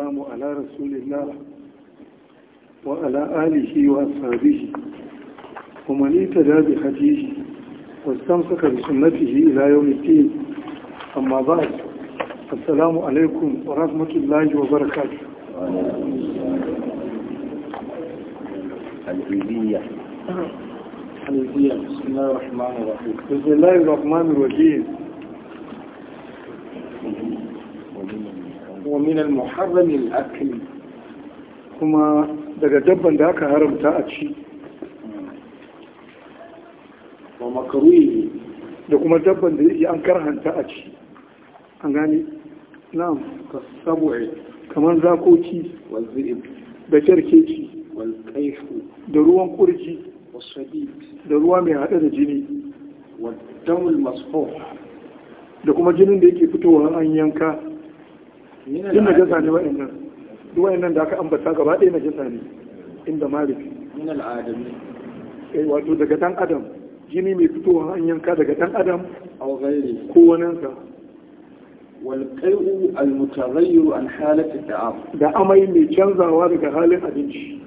والسلام على رسول الله وعلى آله وأصحابه ومن اهتدى بهديه واستمسك بسنته إلى يوم الدين أما بعد السلام عليكم ورحمة الله وبركاته العيدية العيدية بسم الله الرحمن الرحيم بسم الله الرحمن الرحيم ومن المحرم الأكل كما daga dabban da aka haramta a ci wa makaruhi da kuma dabban da yake an karhanta a ci an gani na'am kasabu'i kamar zakoki wal zib da jarkeci wal kaifu da ruwan kurji wasabi da ruwa mai haɗa da jini wa damul masfuh da kuma jinin da yake fitowa an yanka Yin na najasa ne nan duk nan da aka ambata gaba ɗaya na najasa ne inda malik min al'adami eh wato daga dan adam jini mai fitowa an yanka daga dan adam a ghairi ko wanansa wal qai'u al mutaghayyir an halatta da'am da amai mai canzawa daga halin abinci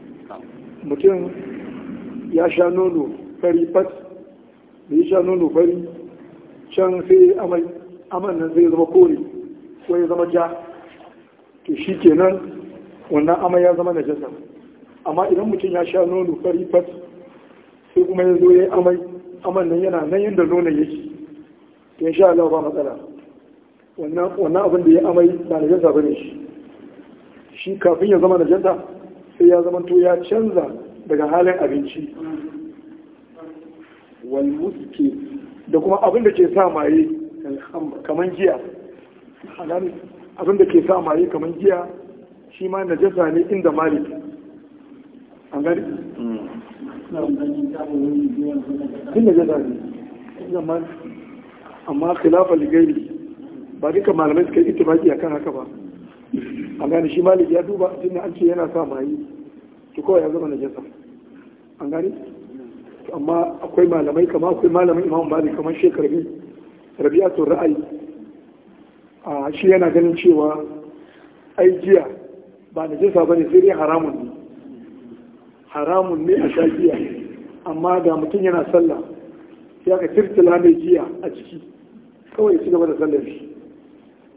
mutum ya sha nono fari fat da ya sha nono fari can sai amai aman nan zai zama kore ko ya zama ja to shi kenan wannan amai ya zama najasa amma idan mutum ya sha nono fari fat sai kuma ya zo ya yi amai aman nan yana nan yadda nono yake to insha Allah ba matsala wannan abin da ya amai ba najasa bane shi shi kafin ya zama najasa sai ya zama to ya canza daga halin abinci wal muski da kuma abin da ke sa maye kamar giya abin da ke sa maye kamar giya shi ma jasa ne inda malik an gani din jasa ne zaman amma khilafa ligairi ba duka malamai suka yi a kan haka ba an gani shi malik ya duba tunda an ce yana sa maye to kawai ya zama na jasa an gani amma akwai malamai kama akwai malamin imam malik kamar shekar rabi'atul ra'ayi a shi yana ganin cewa ai giya ba da jisa ba ne sai dai haramun ne haramun ne a sha amma da mutum yana sallah ya ka tirtila mai jiya a ciki kawai ci gaba da sallar shi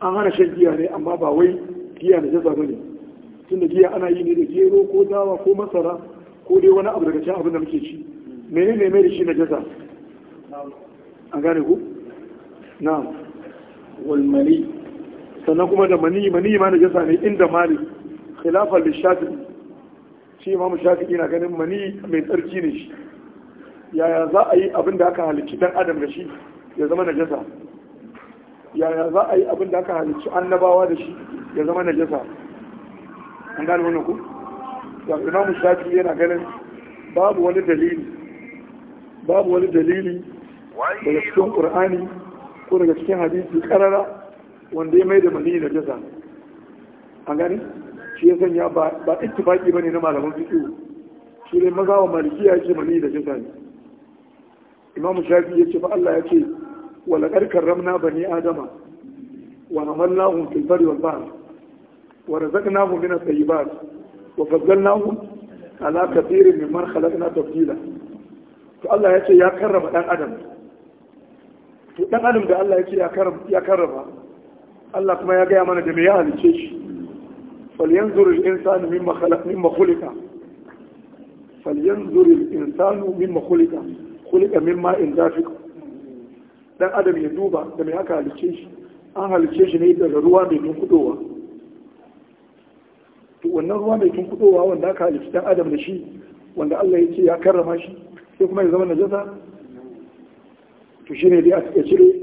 an hana shan giya ne amma ba wai giya da jisa ba ne tun da giya ana yi ne da gero ko dawa ko masara ko dai wani abu daga cikin abin da muke ci menene mai da shi na jisa an gane ku na'am sannan kuma da maniyi maniyi ma na jasa ne inda malik Khilafar da shafi shi mu shafi na ganin maniyi mai tsarki ne shi yaya za a yi abin da aka halicci dan adam da shi ya zama na jasa yaya za a yi abin da aka halicci annabawa da shi ya zama na jasa an gane wani ku ya mu shafi yana ganin babu wani dalili babu wani dalili daga cikin qur'ani ko daga cikin hadisi karara wanda ya mai da maniyi da jasa an gani shi ya sanya ba ittifaki ne na malaman fiƙi shi ne maza wa malikiya ce maniyi da jasa ne imamu shafi ya ce ba Allah ya ce wa ramna karramna bani adama wa hamalnahum hun barri wal ba wa razaqnahum min sayi ba? wa faddalnahum ala kathirin mimman khalaqna tafdila to Allah ya ce ya karrama dan adam to dan adam da Allah ya ce ya karrama Allah kuma ya gaya mana da me ya halice shi falyanzur al-insanu mimma khalaq mimma khuliqa falyanzur al-insanu mimma khuliqa khuliqa mimma in dafiq dan adam ya duba da me aka halice shi an halice shi ne daga ruwa mai tunkudowa to wannan ruwa mai tunkudowa wanda aka halice dan adam da shi wanda Allah ya ce ya karrama shi sai kuma ya zama najasa to shine dai a cire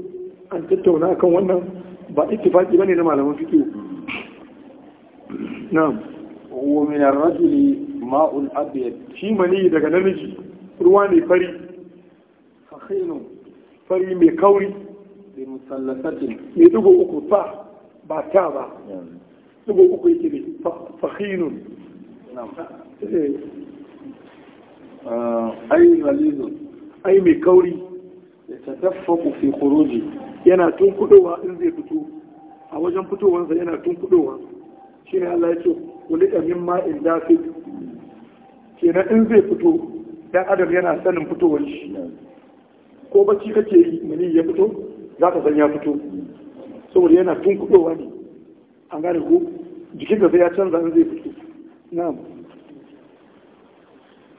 an tattauna kan wannan باتفاقي بني نما لما فيكي نعم ومن الرجل ماء الأبيض في مني دك نمجي رواني فري فخين فري مكوري لمثلثات يدوب أكو فا باتابا يدوب أكو يتبي فخين نعم أي غليظ أي مكوري يتدفق في خروجه yana tun tunkudowa in zai fito a wajen fitowansa yana tunkudowa shi ne Allah ya ce wani ɗamin ma'in dafi kenan in zai fito ɗan adam yana sanin fitowar shi ko bacci kake yi mani ya fito za ka san ya fito saboda yana tun tunkudowa ne an gane ko jikin da zai ya canza in zai fito na'am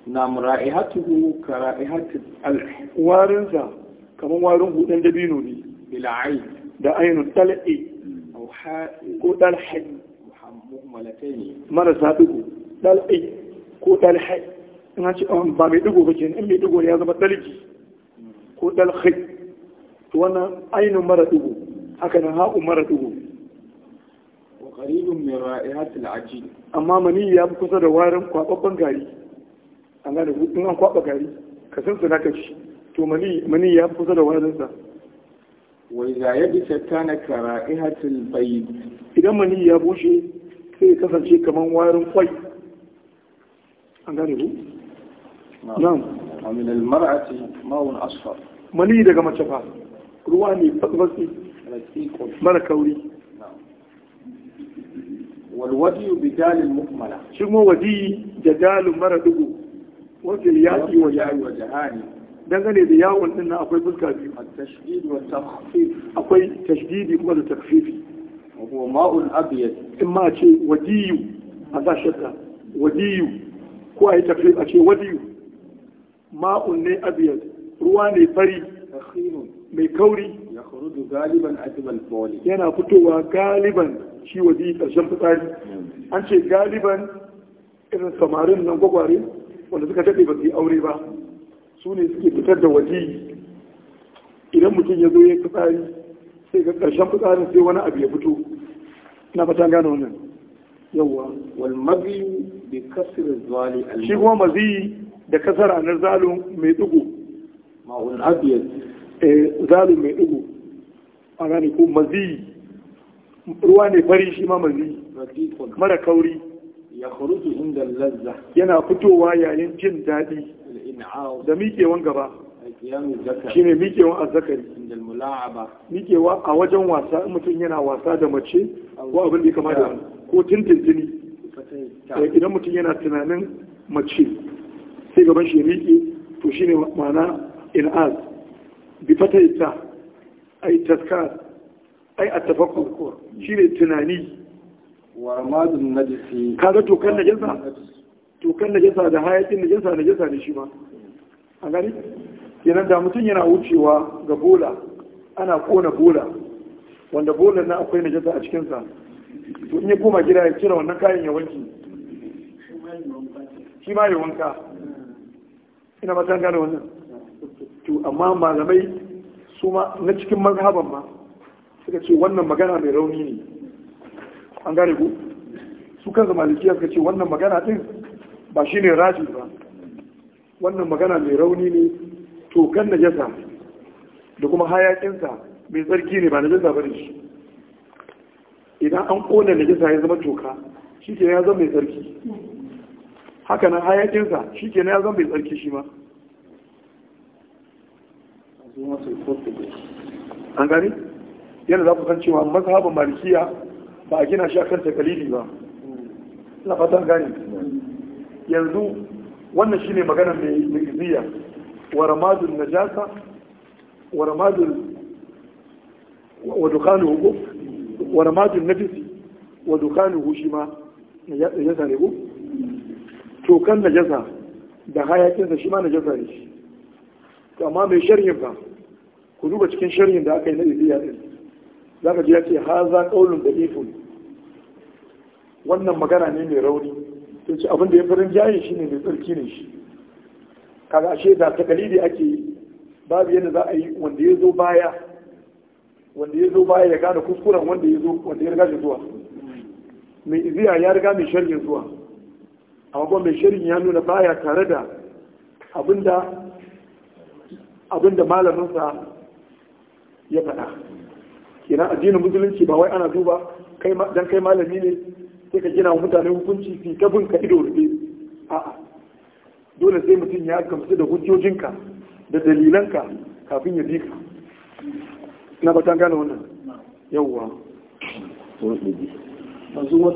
na'am ra'ihatuhu ka ra'ihatu al warinsa kamar warin hudan dabino ne bil'ain da ainun tal'i ko dalhi marasa dugu dal'i ko dalhi in ce ba mai dugu ba ke in mai dugu ya zama dalji ko dalhi wannan ainun mara dugu haka nan ha'u mara dugu wa qaribun min ra'ihatil ajil amma mani ya fi kusa da warin kwababban gari ka san su naka mani ya fi kusa da warin sa wai za ya bi shattana kara ihatul bayi idan mani ya bushe sai ya kasance kamar warin kwai an gane ku nan amin almar'ati ma'un asfar mani daga mace fa ruwa ne fatsi ودي جدال مرة دقو وفي الياس وجهان dangane da yawon din na akwai fuska biyu at-tashdid wa takhfif akwai tashdidi kuma da takfifi wa ma'ul abyad in ma ce wadiyu a sa shakka wadiyu ko ayi takfifi a ce wadiyu ma'un ne abyad ruwa ne fari mai kauri ya khuruju galiban atibal bawli yana fitowa galiban shi wadi karshen fitsari an ce galiban irin samarin nan gwagware wanda suka dade ba su aure ba su ne suke fitar da waje idan mutum ya zo ya fitsari sai ga ƙarshen fitsarin sai wani abu ya fito na fatan gano wannan yawa wal mazi bi kasr zali al shi kuma mazi da kasara na zalu mai dugu ma'un abiyad eh zalu mai dugu a gane ko mazi ruwa ne fari shi ma mazi mara kauri ya khuruju inda lazza yana fitowa yayin jin daɗi da miƙewan gaba shi ne miƙewan azzakari miƙewa a wajen wasa in mutum yana wasa da mace ko abin da ya kama da ko tintintini eh, idan mutum yana tunanin mace sai gaban shi ya miƙe to shi ne ma'ana az bi fata ita ai taskar ai a tafakkur shi ne tunani wa ramadun najisi kaga to kan najasa tokan najasa da hayakin najasa najasa ne shi ma a gani kenan da mutum yana wucewa ga bola ana kona bola wanda bola na akwai najasa a cikinsa to in ya koma gida ya cire wannan kayan ya wanki shi ma ya wanka ina matan gane wannan to amma malamai su ma na cikin mazhaban ma suka ce wannan magana mai rauni ne an gane ku su kansa malikiya suka ce wannan magana din ba shi ne raji ba wannan magana mai rauni ne tokan na jasa da kuma hayakinsa mai tsarki ne ba na jasa bari shi idan an kone na jasa ya zama toka shi ke ya zama mai tsarki haka nan hayakinsa shi ke ya zama mai tsarki shi ma an gani yana za ku san cewa mazhabin malikiya ba a gina shi akan takalili ba na fatan gani yanzu wannan shine magana mai iziya wa ramadun najasa wa ramadun wa dukanu hukum wa ramadun najisi wa dukanu hushima najasa ne ko tokan najasa da hayakinsa shi ma najasa ne shi amma mai sharhin ba ku duba cikin sharhin da aka yi na iziya din za ka ji ya ce ha za ƙaunin da ifun wannan magana ne mai rauni sai ce abin da ya farin jaye shi ne mai tsarki ne shi kaga ashe da takalidi ake babu yadda za a yi wanda ya zo baya wanda ya zo baya ya gane kuskuren wanda ya zo wanda ya riga shi zuwa mai iziya ya riga mai sharhin zuwa amma kuma mai sharhin ya nuna baya tare da abinda abinda malaminsa ya faɗa kenan addinin musulunci ba wai ana duba dan kai malami ne sai ka gina mutane hukunci fi ka ka ido rufe a dole sai mutum ya gamsu da hujjojinka da dalilanka kafin ya bi ka na ba tan gane wannan yawwa masu ma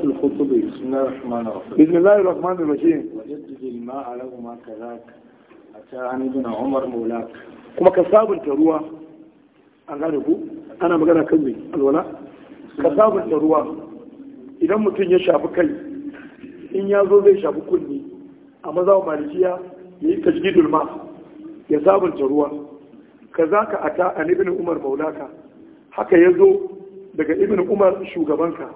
a umar kuma ka sabunta ruwa gane ana magana ka sabunta ruwa idan mutum ya shafi kai in ya zo zai shafi kunni a wa malikiya ya yi tajgidul ma ya sabunta ruwa ka za ka ata an ibn umar maulaka haka ya zo daga ibn umar shugabanka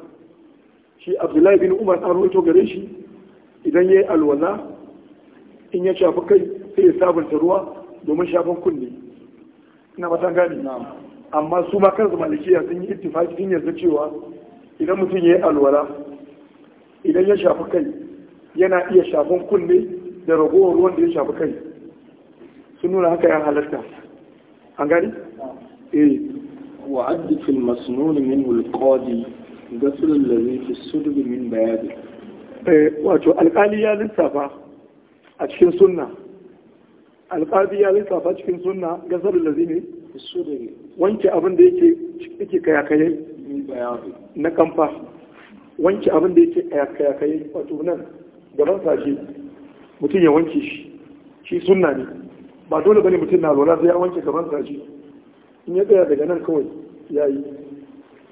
shi abdullahi bin umar an roto gare shi idan ya yi alwala in ya shafi kai sai ya sabunta ruwa domin shafin kunne ina matan gani amma su ma kansu malikiya sun yi ittifaki sun yanzu cewa idan mutum ya yi alwala idan ya shafi kai yana iya shafin kunne da ragowar ruwan da ya shafi kai sun nuna haka ya halarta an gani? eh wa addi fil masnun min alqadi ghusl allazi fi sudb min bayadi eh wato alkali ya lissafa a cikin sunna alkali ya lissafa cikin sunna ghusl allazi ne wanke abin da yake yake kayakaye na kamfa wanke abin da yake a wato nan gaban sashi mutum ya wanke shi shi sunna ne ba dole bane mutum na lola sai ya wanke gaban sashi in ya tsaya daga nan kawai ya yi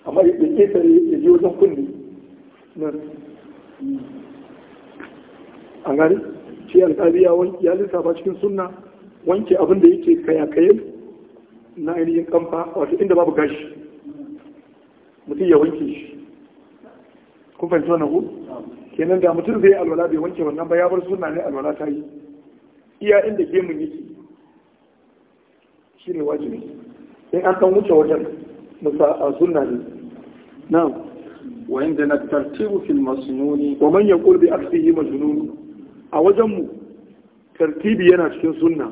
amma ya ƙetare ya ji wajen kunne nan an gani shi alƙali ya lissafa cikin sunna wanke abin da yake kayakayen na ainihin kamfa wato inda babu gashi mutum ya wanke shi kun fahimci wannan ku kenan da mutum zai alwala bai wanke wannan ba ya bar suna ne alwala ta yi iya inda gemun yake shi ne wajibi in an san wuce wajen musa a suna ne na wayan da na tartibu fil masnuni wa man yaqul bi aksihi majnun a wajen mu tartibi yana cikin sunna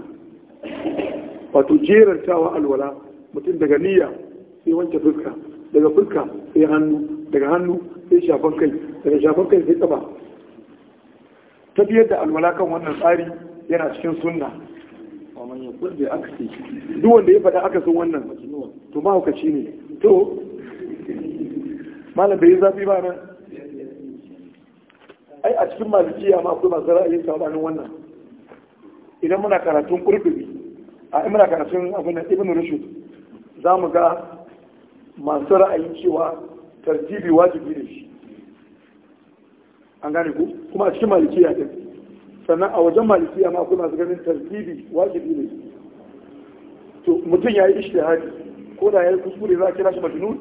wato tawa alwala mutum daga niyya sai wanke fuska daga fuska sai hannu daga hannu sai shafan kai daga shafan kai sai kafa biyar da alwala kan wannan tsari yana cikin sunna duk wanda ya faɗa aka sun wannan to mahaukaci ne to malam bai yi zafi ba nan ai a cikin malikiya ma kuma masu ra'ayin sabanin wannan idan muna karatun kurkubi a muna karatun abin ibn rushd za mu ga masu ra'ayin cewa tartibi wajibi ne shi an gane ku kuma a cikin malikiya ɗin sannan a wajen malikiya ma kuma su ganin tartibi wajibi ne to mutum ya yi ishtihadi ko da ya yi kuskure za a kira shi majinun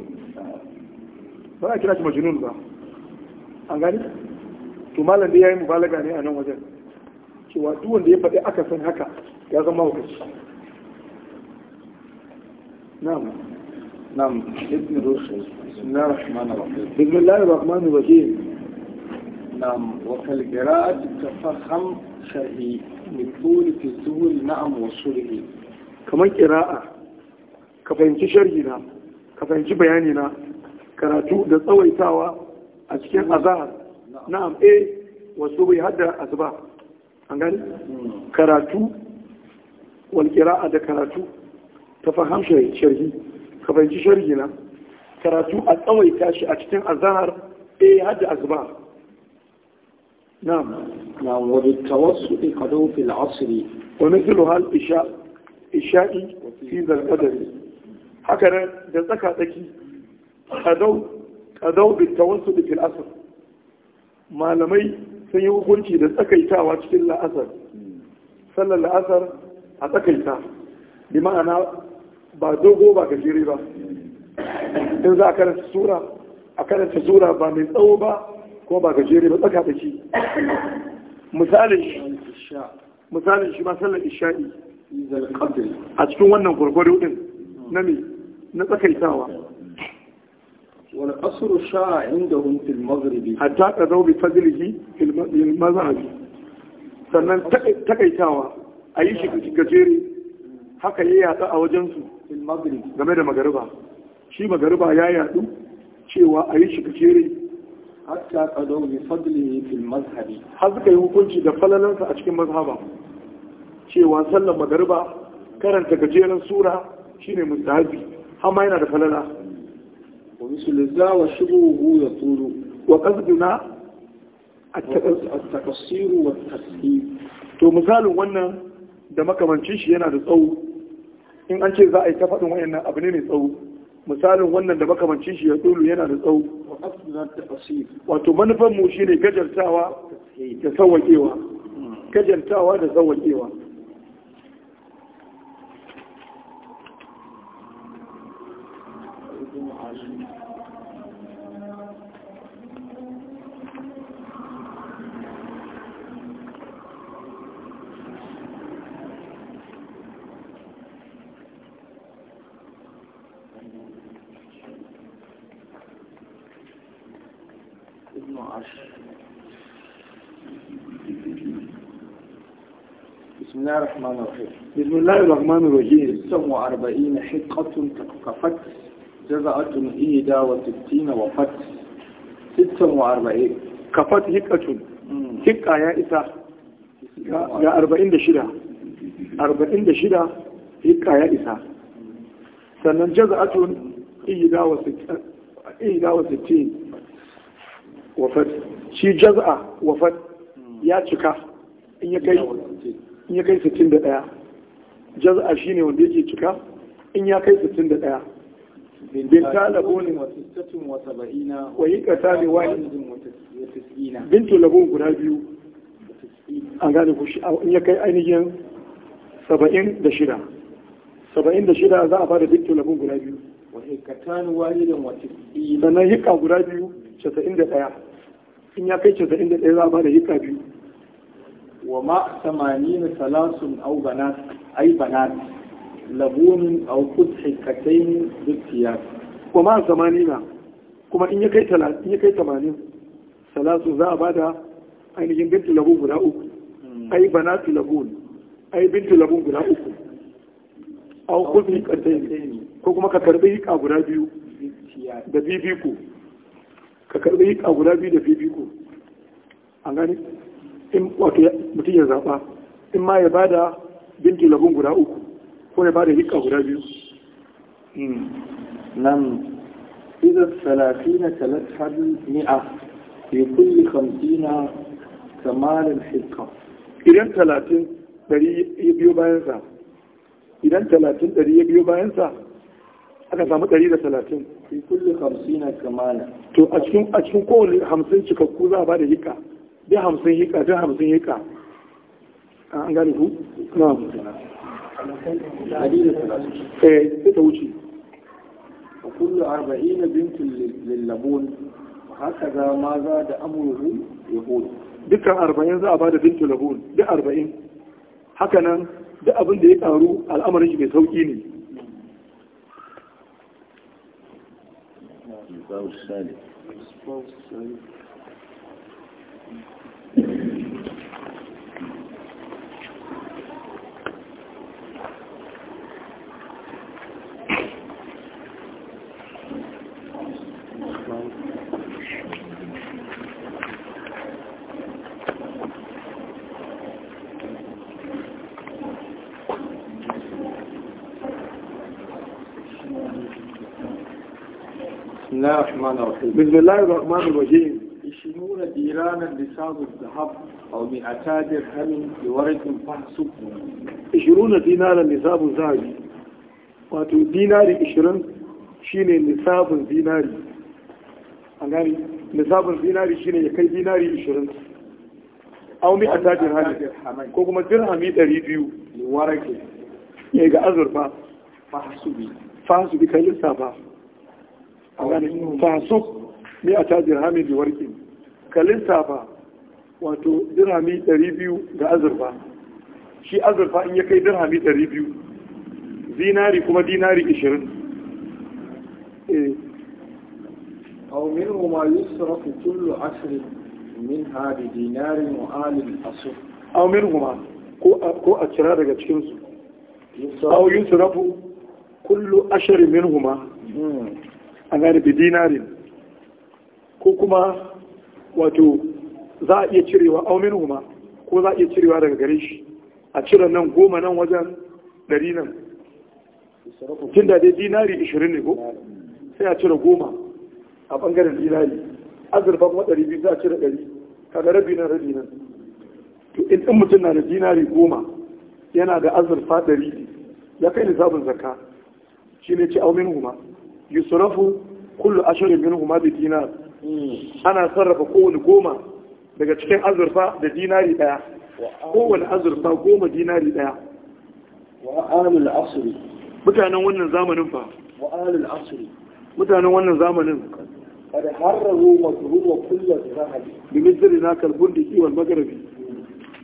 ba a kira shi majinun ba an gane to malam da ya yi mubalaga ne a nan wajen cewa duk wanda ya faɗi aka san haka ya zama hukunci na'am نعم ابن رشد بسم الله الرحمن الرحيم بسم الله الرحمن الرحيم نعم وفي جراد تفخم شرعي من في سهول نعم وصوله كما قراءة كفهمتي شرعينا كفهمتي بياننا karatu da tsawaitawa a cikin azahar na'am eh wasu bai hada asuba an gani karatu wal qira'a da karatu ta fahimta ka fahimci sharhi na karatu a tsawai shi a cikin azhar eh hadda azba na'am na'am wa bi tawassul qadu fil asr wa mithlu hal isha isha'i fi zal qadr haka ne da tsaka tsaki qadau qadau bi tawassul fil asr malamai sun yi hukunci da tsakaitawa cikin la'asar sallar la'asar a tsakaita bi ma'ana ba dogo ba gajere ba in za a karanta sura a karanta sura ba mai tsawo ba ko ba gajere ba tsaka da shi misalin shi ma sallar isha'i a cikin wannan gwargwaro din na me na tsakaitawa Wani asru sha'a indahum fil maghribi hatta qadaw bi fadlihi fil sannan takaitawa a yi shi gajere haka ya yatsa a wajensu game da magariba shi magariba ya yadu cewa a yi shi kacere hatta qadaw bi fadlihi fil mazhabi har suka yi hukunci da falalansa a cikin mazhaba cewa sallan magariba karanta gajeren sura shine mustahabi amma yana da falala wa misul za wa shubuhu turu wa qasduna at-taqsir wa at-tasheer to misalin wannan da makamancin shi yana da tsawo in an ce za a yi ta faɗin wayannan abu ne mai tsawo misalin wannan da makamancin shi ya tsoro yana da tsawo wato manufan mu ne gajartawa da sawakewa gajartawa da sawakewa بسم الله الرحمن الرحيم بسم الله الرحمن الرحيم السم وأربعين حقة تقفت جزعة إيدا وستين وفت السم وأربعين كفت حقة حقة يا إسا يا أربعين دشرة أربعين دشرة حقة يا إسا سنن جزعة إيدا وستين wafat shi jaz'a wafat ya cika in ya kai 61 jaz'a ne wanda yake cika in ya kai 61 بنت لبون وستة وسبعين guda biyu a gane ku in ya kai ainihin saba'in da shida za a fara binta labun guda biyu sannan hikka guda biyu casa'in da ɗaya in ya kai casa'in da ɗaya za a bada hikka biyu wa ma na salasun au banat ai banat labunin au kut hikkatain dukkiya wa ma na kuma in ya kai talatin ya kai tamanin salasu za a bada ainihin binti labun guda uku hmm. ai banatu labun ai binti labun guda uku au kut hikkatain ko kuma ka karbi hika guda biyu da bibiku ka karbi a guda biyu da fifiko an gani. in wato mutum ya zaɓa in ma ya ba da binti labun guda uku ko ya ba da hikka guda biyu hmm. nan idan salatina talatar mi'a fi kulli hamsina kamarin hikka idan talatin dari ya biyo bayansa idan talatin dari ya biyo bayansa aka samu 130 fi kulli 50 to a cikin a cikin kowane 50 cikakku za a ba da hika da 50 hika da 50 hika an gane ku na eh sai ta wuce A 40 bintun lillabun haka za ma za da amuru yahud dukkan 40 za a ba da bintun labun duk 40 haka nan duk abin da ya karu al'amarin shi mai sauki ne His spouse Salih. His الرحمن الرحيم بسم الله الرحمن الرحيم يشيلون ديرانا لساق الذهب أو مئتا درهم بورق فحسب يشيلون دينارا لساق الذهب wato dinari ishirin shine nisabin dinari a gani shine ya kai dinari ishirin au mi a tajin hali ko kuma dirhami ɗari biyu warake ya ga azurfa fasubi fasubi kai lissafa a mai a tajir hamin da warki wato dirhami 200 ga azurfa shi azurfa in ya kai dirhami 200 dinari kuma dinari 20 eh أو منهما يصرف كل عشر منها بدينار وآل الأصف أو منهما ko a cira daga cikinsu au yin surafu kullu ashirin minhuma hmm. a gane bi dinarin ko kuma wato za a iya cirewa aumin huma ko za a iya cirewa daga gare shi a cire nan goma nan wajen ɗari nan tun da dai dinari ishirin ne ko sai a cire goma a ɓangaren dinari azurfa kuma ɗari biyu za a cire ɗari kaga rabi nan rabi nan to in ɗin mutum na da dinari goma yana da azurfa ɗari ya kai lissafin zakka shi ne ci aumin huma yusrafu kullu ashirin minhuma bi dinar ana sarrafa kowane goma daga cikin azurfa da dinari daya kowane azurfa goma dinari daya wa'alul asri mutanen wannan zamanin fa wa'alul asri mutanen wannan zamanin قد حرروا مظهور كل ذهب بمثل ذاك البندقي والمغربي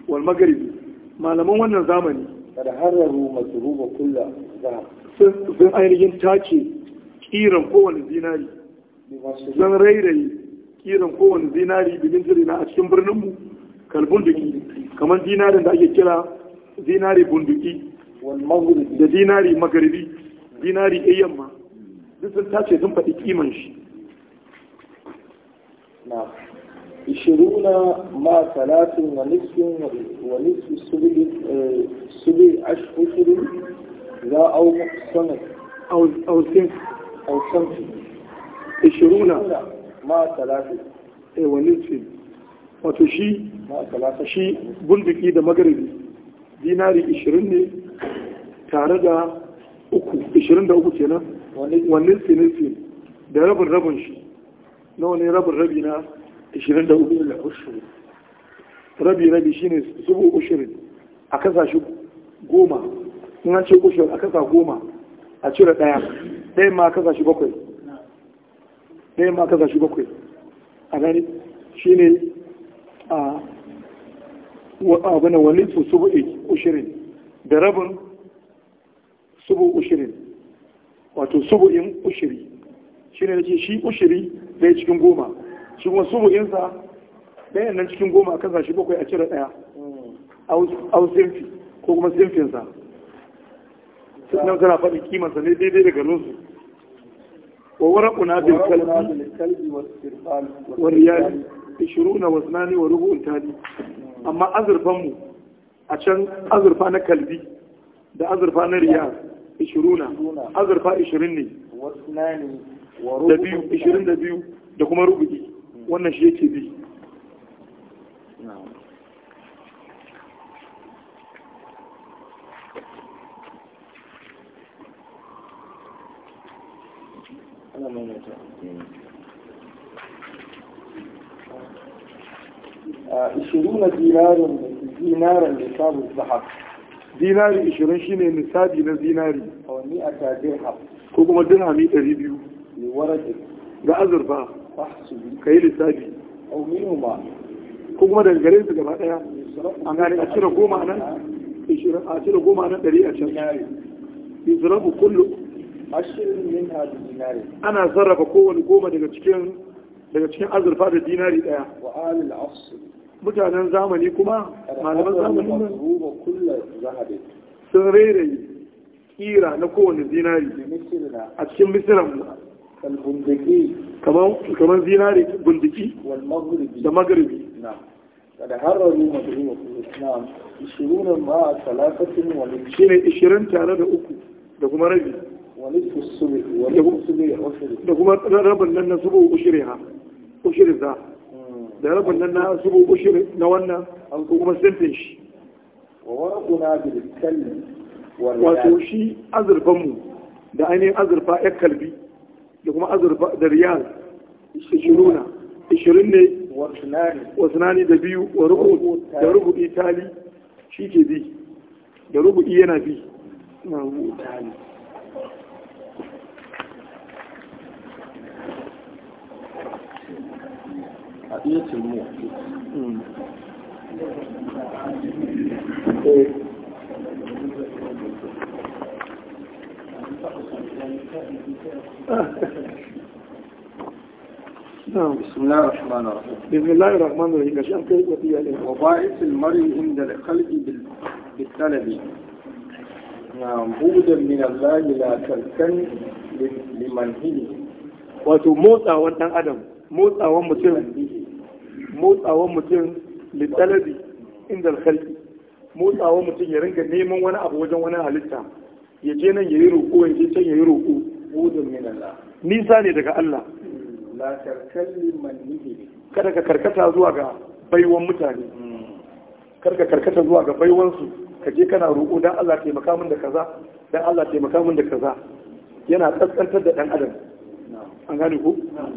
والمغربي malaman wannan zamani kada hararu masruba kullu zahab sun ainihin tace kiran kowane zinari zan rairayi kiran kowane zinari bilin jirina a cikin birninmu kalbunduki kamar zinarin da ake kira zinari bunduki da zinari magaribi zinari a yamma duk sun tace sun faɗi kiman shi na ishiruna ma talatin wa nisfin wa subi eh, za a au sanar أو خمس عشرون مع ثلاثة إيه ونصف وتشي مع ثلاثة شي بندقي ده مغربي ديناري ne tare da uku 23 kenan wannan sinifin da rabin rabin shi nawa ne rabin rabi na ishirin da ushiri? rabi rabi shi ne zubo ushirin a kasa shi goma an ce ushirin a kasa goma a cire daya ɗaya ma ka shi bakwai ɗaya ma ka shi bakwai a gani shi ne a abin wani su subu ushirin da rabin subu ushirin wato subu'in ushiri shi ne nake shi ushiri ɗaya cikin goma shi kuma subu'insa ɗaya nan cikin goma a kasa shi bakwai a cire ɗaya au sinfi ko kuma sinfinsa sannan kana faɗin kimansa ne daidai da garinsu وورقنا بالكلب والريال عشرون وزنان وربع تالي اما أزرفمو عشان أزرفانا كلبي ده أزرفانا ريال عشرون أزرفا عشرين ne da biyu ishirin da biyu da kuma rubuki wannan shi yake biyu da maimaita na dinarin dinarin da sabu zahab dinari ishirin shi shine nisabi na zinari a wani a dirham ko kuma dirhami ɗari biyu ne warake ga azurfa ka yi lissafi au minuma ko kuma daga gare su gaba ɗaya an gane a cire goma nan a cire goma nan ɗari a can yusrafu kullum. ana sarrafa kowane goma daga cikin daga cikin azurfa da dinari daya mutanen zamani kuma malaman zamani sun rere kira na kowane zinari a cikin misiran kamar zinari bundiki da magaribi قد هرروا مدعوة الإسلام 20 مع ثلاثة ومن شنو 20 تعالى da kuma rabin nan na zubo ushiri ha ushiri za hmm. da rabin nan na zubo ushiri na wannan an kuma sintin shi wato shi azurfanmu da ainihin azurfa ya kalbi da kuma azurfa da riyal ishiruna ishirin ne wasu nani da biyu da rubu itali shi ke bi da rubu yana bi الموت نعم بسم الله الرحمن الرحيم بسم الله الرحمن الرحيم عشان كيف يعني؟ وباعث المرء عند الخلق بالطلب نعم بودا من الله لا تلكن لمنهله وتموت motsawar ادم motsawan mutum motsawan mutum littalabi inda alkhalki motsawan mutum ya ringa neman wani abu wajen wani halitta ya je nan ya yi roƙo ya je can ya yi roƙo nisa ne daga Allah kada ka karkata zuwa ga baiwan mutane kada ka karkata zuwa ga baiwansu ka je kana roƙo dan Allah taimaka min da kaza dan Allah taimaka min da kaza yana tsantsantar da ɗan adam an gane ku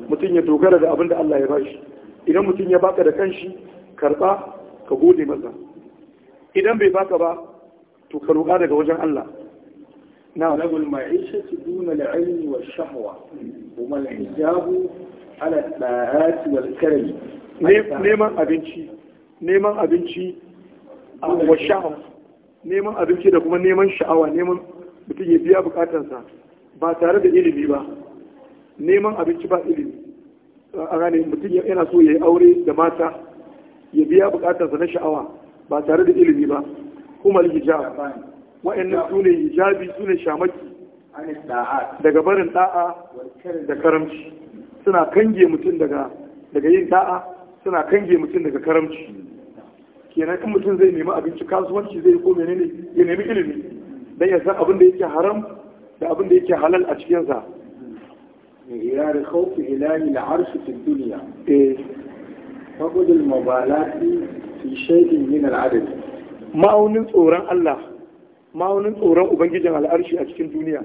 mutum ya dogara da abin da Allah ya ba shi idan mutum ya baka da kanshi karba ka gode masa idan bai baka ba to ka roƙa daga wajen Allah na rabul ma'ishati duna al-'ilmi wa shahwa kuma al hijabu ala al-ta'at wal karam neman abinci neman abinci ah, wa shahwa neman abinci da kuma neman sha'awa neman mutum ya biya bukatansa ba tare da ilimi ba neman abinci ba ilimi a ranar mutum yana so ya yi aure da mata ya biya bukatarsa na sha'awa ba tare da ilimi ba kuma hijab wa'annan su ne hijabi su ne shamaki daga barin da'a da karamci suna kange mutum daga yin da'a suna kange mutum daga karamci kenan kan mutum zai nemi abinci kasuwanci zai ko menene ya nemi ilimi dan ya san abin da yake haram da abin da yake halal a cikinsa معيار خوف إله العرش في الدنيا فقد المبالاة في شيء من العدد ma'aunin tsoron Allah ma'aunin tsoron ubangijin al'arshi a cikin duniya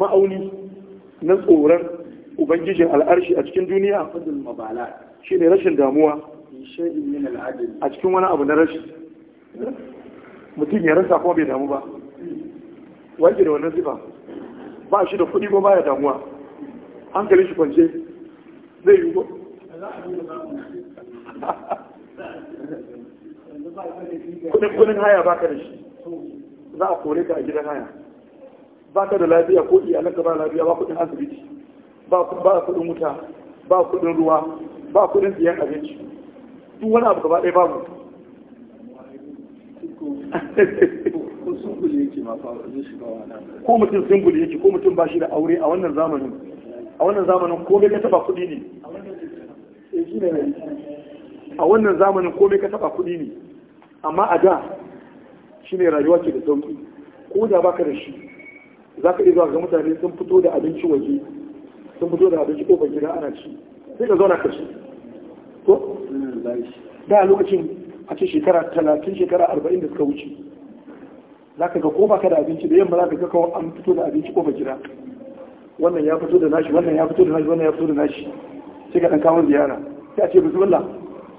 ma'auni na tsoron ubangijin al'arshi a cikin duniya shi ne rashin damuwa a cikin wani abu na rashi mutum ya rasa kuma bai damu ba wajen da wannan zifa ba shi da kuɗi ba ya damuwa hankalin shi kwance zai yi ko Kuɗin haya ba ka da shi za a kore ka a gidan haya Ba ka da lafiya ko iya alaka ba lafiya ba kudin asibiti ba kudin wuta ba kudin ruwa ba kudin siyan abinci duk wani abu gaba ɗaya babu ko mutum singul yake ko mutum ba shi da aure a wannan zamanin a wannan zamanin komai ka taba kudi ne a wannan zamanin komai ka taba kudi ne amma a da shi ne rayuwa ce da sauƙi ko da baka da shi za ka iya zuwa ga mutane sun fito da abinci waje sun fito da abinci ko gida ana ci sai ka zauna ka ci ko da lokacin a ce shekara talatin shekara arba'in da suka wuce za ka ga ko baka da abinci da yamma za ka ga kawai an fito da abinci ko gida wannan ya fito da nashi wannan ya fito da nashi wannan ya fito da nashi sai ka dan kawo ziyara sai a ce bismillah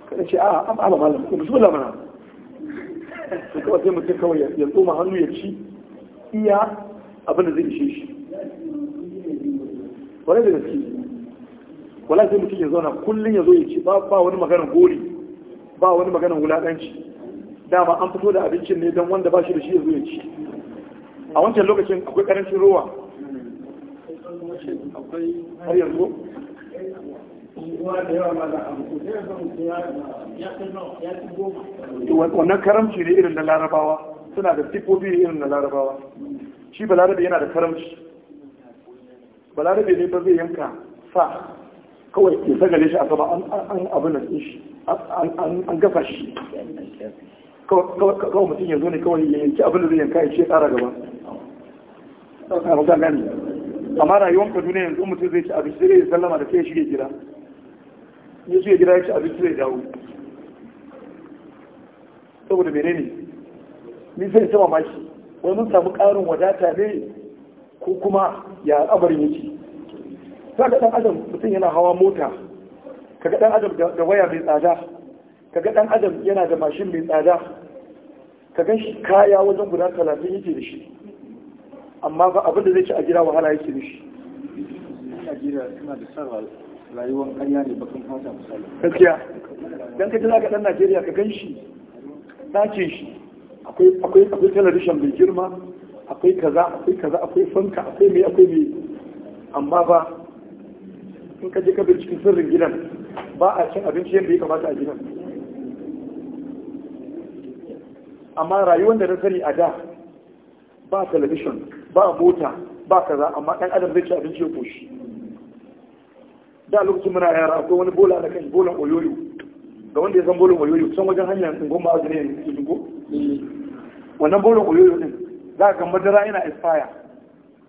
kada ce a an ba malam ko bismillah mana to kawai sai mutum kawai ya tsoma hannu ya ci iya abin da zai ishe shi wani da gaske wala sai mutum ya zauna kullum ya zo ya ci ba wani maganar gori ba wani maganar wulaƙanci dama an fito da abincin ne don wanda ba shi da shi ya zo ya ci a wancan lokacin akwai ƙarancin ruwa har yanzu wannan karamci ne irin na larabawa suna da sifofi ne irin na larabawa shi balarabe yana da karamci balarabe ne ba zai yanka sa kawai ke sagale shi a gaba an abin da shi an gafa shi kawai mutum yanzu ne kawai yanki abin da zai yanka ya ce tsara gaba amma rayuwar ka duniya yanzu mutum zai ci abinci zai ya sallama da sai ya gida ya shige gida ya ci abinci zai dawo saboda ne ni sai sama mashi wai mun samu ƙarin wadata ne ko kuma ya al'amarin yake za ga dan adam mutum yana hawa mota ka ga ɗan adam da waya mai tsada ka ga ɗan adam yana da mashin mai tsada ka gan shi kaya wajen guda talatin yake da shi amma fa abin da zai ci a gida wahala yake da shi a gida suna da sarwa rayuwar ƙarya ne bakin fata misali gaskiya don ka ji ga dan Najeriya ka gan shi ɗakin shi akwai akwai akwai talabishin mai girma akwai kaza akwai kaza akwai fanka akwai mai akwai mai amma ba in ka je ka binciki sirrin gidan ba a cin abinci yadda ya kamata a gidan amma rayuwar da na sani a da ba talabishin ba mota ba kaza amma ɗan adam zai ci abinci ya koshi da lokacin muna yara akwai wani bola da kan bolan oyoyo ga wanda ya san bolan oyoyo san wajen hanyar tsingon ba azumi ne yin jingo wannan bolan oyoyo din za ka madara yana expire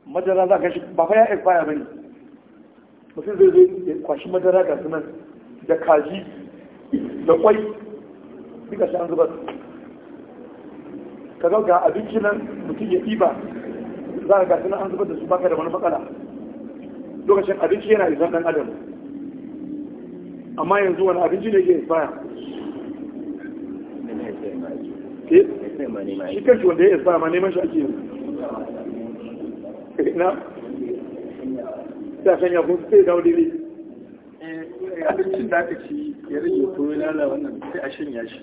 madara za ka shi ba fa ya expire ne mutum zai zai kwashi madara ga sunan da kaji da kwai duka shi an zubar ka ga abinci nan mutum ya ɗiba za ka na an zubar da su baka da wani matsala lokacin abinci yana isan dan adam amma yanzu wani abinci ne ke isfaya eh? shi kanshi wanda ya isfaya ma neman shi ake yi eh, na ta ya kun sai dawo ne eh, abincin da aka ci ya rage ko ya lala wannan sai a shanya shi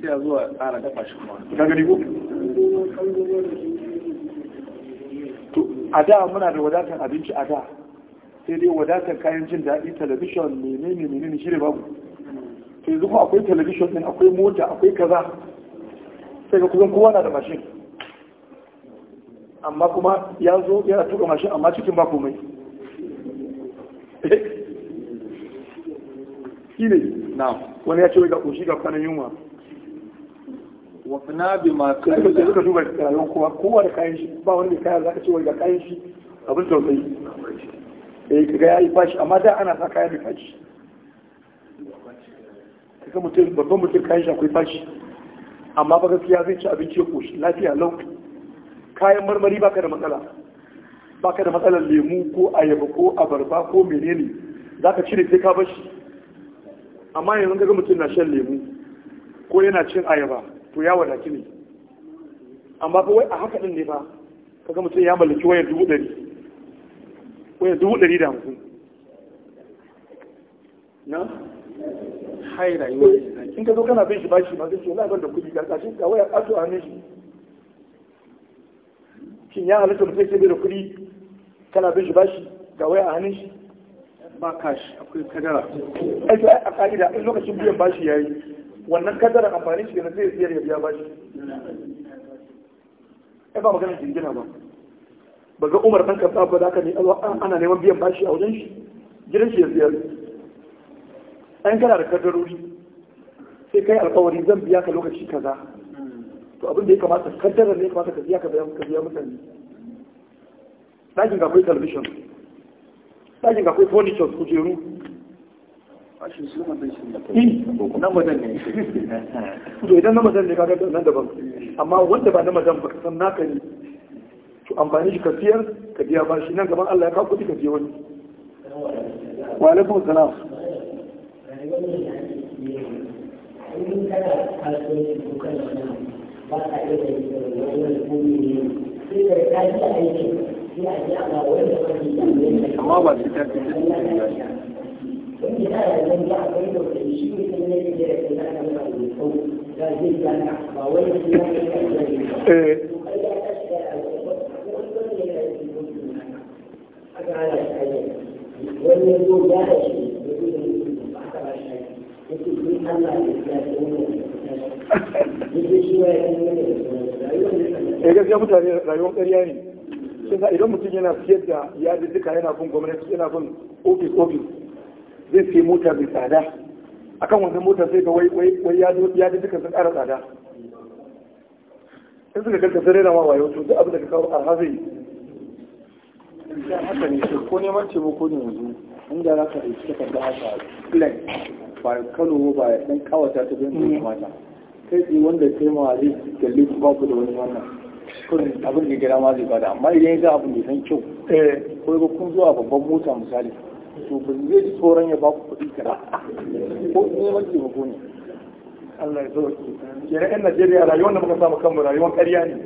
sai a zuwa ƙara dafa shi kuma ka gani ko a da muna da wadatar abinci a da sai dai wadatar kayan jin daɗi talabishon menene menene shi ne babu Sai zuwa akwai talabishon din akwai mota akwai kaza sai ga kusan kowa na da mashin amma kuma ya zo yana tuka mashin amma cikin ba komai shi ne na wani ya ce wai ga ƙoshi ga kwanan yunwa wafina bi ma kai da suka duba rayuwar kowa kowa da kayan shi ba wani kaya za ka ce wai ga kayan shi abin tausayi eh kaga yayi fashi amma da ana sa kayan da fashi kaga mutum babban mutum kayan shi akwai fashi amma ba gaskiya zai ci abinci ya koshi lafiya lau kayan marmari baka da matsala baka da matsalar lemu ko ayaba ko abarba ko menene zaka cire sai ka bashi amma yanzu kaga mutum na shan lemu ko yana cin ayaba to ya wadaci ne amma fa wai a haka din ne fa kaga mutum ya mallaki wayar dubu ɗari wayar dubu ɗari da hamsin na hai rayuwa in ka zo kana bin shi ba shi ma zai ce na ban da kuɗi ga kashin ka wayar aso a hannun shi shin ya halatta mutum sai da kuɗi kana bin shi ba shi, ga waya a hannun shi ba kashi akwai kadara a ka'ida in lokacin biyan bashi yayi wannan kadaran amfani shi ne zai siyar ya biya bashi ai ba magana jingina ba ba ga umar ɗan kasa ba da ne ana neman biyan bashi a wajen shi gidan shi ya siyar an kana da kadarori sai kai alkawari zan biya ka lokaci kaza to abin da ya kamata kaddarar ne kamata ka biya ka biya ka biya mutane ɗakin ga akwai television ɗakin ga akwai furniture kujeru Eh, na madan ne to idan na madan ne kaga nan daban amma wanda ba na madan ba ka san naka ne to amfani shi ka siyar ka biya ba shi nan gaban Allah ya kawo kuɗi ka biya wani wa alaikum salam amma ba su ta wanda ya da zan ya akwai da wani shi ne kan ne da ya da kan da ne ko da zai da ba ne da ya ta da wannan ne da ko ko ya da da ya ya ne ya ne da ne gaskiya mutane rayuwar ƙarya ne idan mutum yana siyar da yadi duka yana bin gwamnati yana bin ofis ofis zai sai mota mai tsada akan wannan mota sai ga wai ya zo duka sun ƙara tsada in suka karka sai rera ma wayo duk abin da ka kawo a Ya haka ne ko neman taimako ne yanzu inda za ka aiki ta karɓi haka plan ba kano ba ya ɗan kawata ta bin mata. kai tsaye wanda kai ma zai kalli ba ku da wani wannan kurin abin da gida ma zai bada amma idan ya ga abin da san kyau eh. ko kun zuwa babban mota misali to ba zai ji tsoron ya ba ku kuɗi kaza ko neman mako ne Allah ya zo ki kenan yan Najeriya rayuwar da muka samu kanmu rayuwar ƙarya ne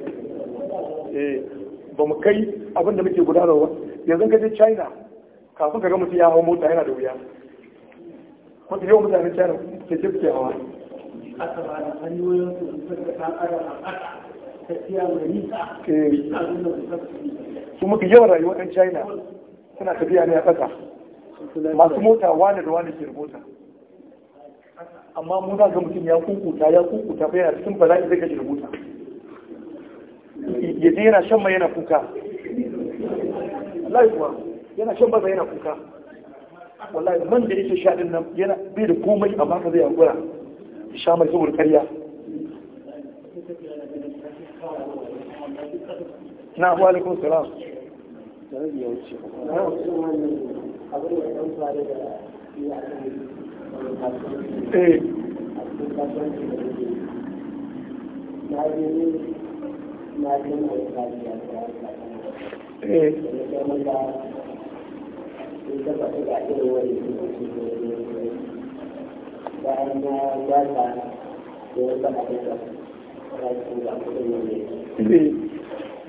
eh ba mu kai abin da muke gudanarwa ba yanzu ka je China kafin ka ga mutum ya hawo mota yana da wuya ko wata yau mutane China ke ke hawa aka ba hanyoyin su eh. da ta ƙara a su muka yawan rayuwar ɗan china suna tafiya ne a ƙasa masu mota wani da wani ke mota amma mun ga mutum ya kukuta ya kukuta bai a cikin bala'i zai gaji da mota ya je yana shan mai yana kuka wallahi kuwa yana shan ba yana kuka wallahi man da yake sha din nan yana bai da komai amma ka zai hakura ya sha mai saboda karya na wa alaikum salam eh eh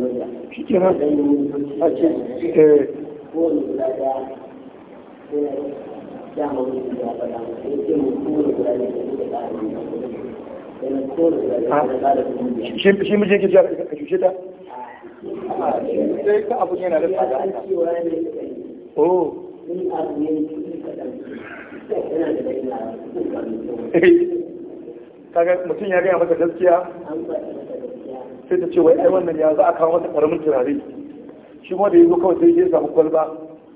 shi ke a ce shi mu ke jihar ka cushe ta? sai ka abu yana da tsada oh eh. kaga mutum ya gaya maka gaskiya sai ta ce wai ai wannan ya za a kawo masa karamin turare shi kuma da ya zo kawai sai ya samu kwalba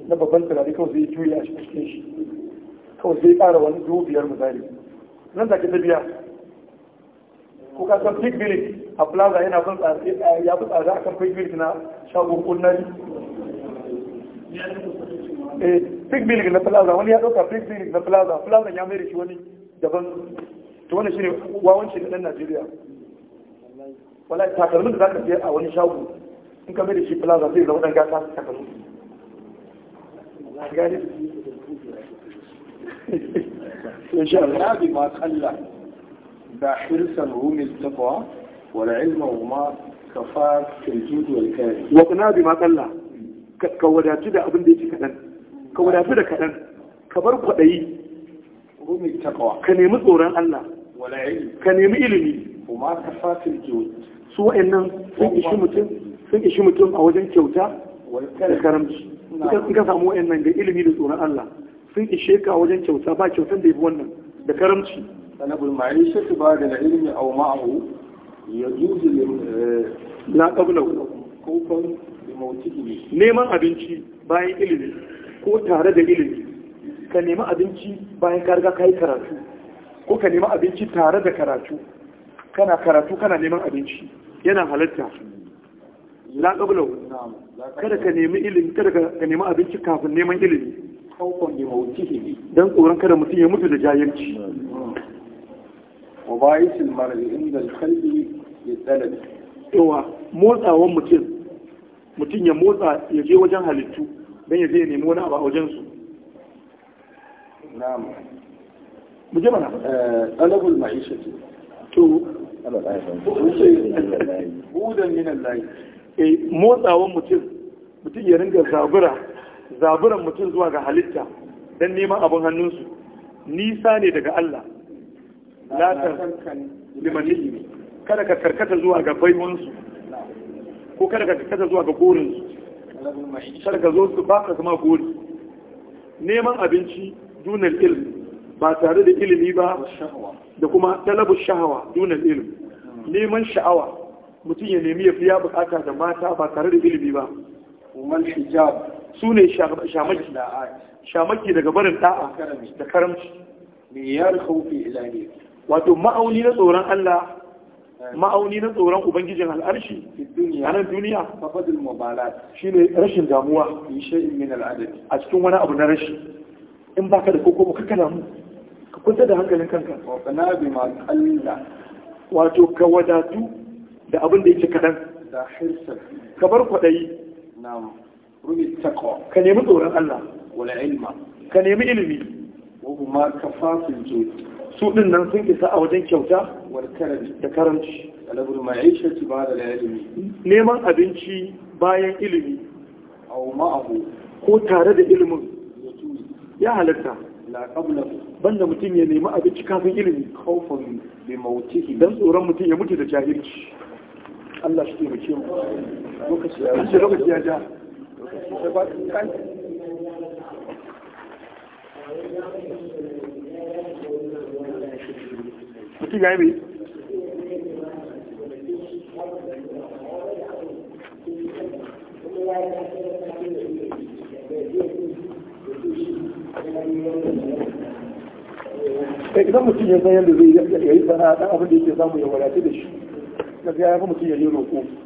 na babban turare kawai sai ya juya a cikin shi kawai sai ya ƙara wani dubu biyar misali nan da ke ta biya ko ka san pig bilik a plaza yana tsare ya fi tsare a kan pig bilik na shagon kunnari eh, pig bilik na plaza wani ya ɗauka pig bilik na plaza plaza ya mai da shi wani daban to wani shi ne wawanci na ɗan najeriya wala takalmin da zaka siyar a wani shago in ka mai da shi plaza zai zama dan gasa ta takalmi gani insha Allah bi ma qalla da hirsan rumil taqwa wal ilma huma kafa fil jud wal kafi wa qna bi ma qalla ka wadatu da abin da yake kadan ka wadatu da kadan ka bar kwadayi rumil taqwa ka nemi tsoron Allah ka nemi ilimi huma kafa fil jud su wa'annan sun ishi mutum sun ishi mutum a wajen kyauta da karamci in ka samu wa'annan ga ilimi da tsoron Allah sun ishe ka a wajen kyauta ba kyautan da yafi wannan da karamci sanabul ma'isha su ba da ilimi aw ma'ahu eh, la limawtihi neman abinci bayan ilimi ko tare da ilimi ka nemi abinci bayan ka riga kai karatu ko ka nemi abinci tare da karatu kana karatu kana neman abinci yana halatta la qabla kada ka nemi ilimi kada ka nemi abinci kafin neman ilimi kaukan bi mawtihi dan tsoron kada mutum ya mutu da jahilci wa ba'isil mar'i inda al-qalbi yadalal towa motsawan mutum mutum ya motsa ya je wajen halittu dan ya je ya nemi wani abu a wajen su na'am mu je mana eh, talabul ma'ishati to budan layi eh, motsawan mutum mutum ya ringa zabura zaburan mutum zuwa ga halitta don neman abin hannunsu nisa ne daga Allah latar limanin kada ka karkata zuwa ga baiwansu ko kada ka karkata zuwa ga gorinsu kada ka zo su baka zama gori neman abinci dunar ilmi ba tare da ilimi ba da kuma talabu shahawa dunan ilimi neman sha'awa mutum ya nemi ya fi ya bukata da mata ba tare da ilimi ba su ne shamaki daga barin da'a da karamci wato ma'auni na tsoron Allah eh. ma'auni na tsoron ubangijin al'arshi a nan duniya shi ne rashin damuwa a cikin wani abu na rashi in baka da koko ba ka damu kusa da hankalin kanka wa na bi ma kalla wato ka wadatu da abin da yake kadan da hirsa ka bar kwadayi na'am rubi taqwa ka nemi tsoron Allah wala ilma ka nemi ilimi wa kuma kafasin jodi su din nan sun isa a wajen kyauta wal karami da karanci alabul ma'ishati ba'da ilimi neman abinci bayan ilimi aw ma'ahu ko tare da ilimin ya halatta la qabla banda mutum ya nemi abinci kafin ilimi khawfan bi mautihi dan tsoron mutum ya mutu da jahilci Allah shi taimake mu lokaci ya ji lokaci ya ja mutum ya yi mai Eh, idan mutum ya san yadda zai yi sana'a ɗan abin da yake samu ya wadace da shi na ga ya fi mutum ya yi roƙo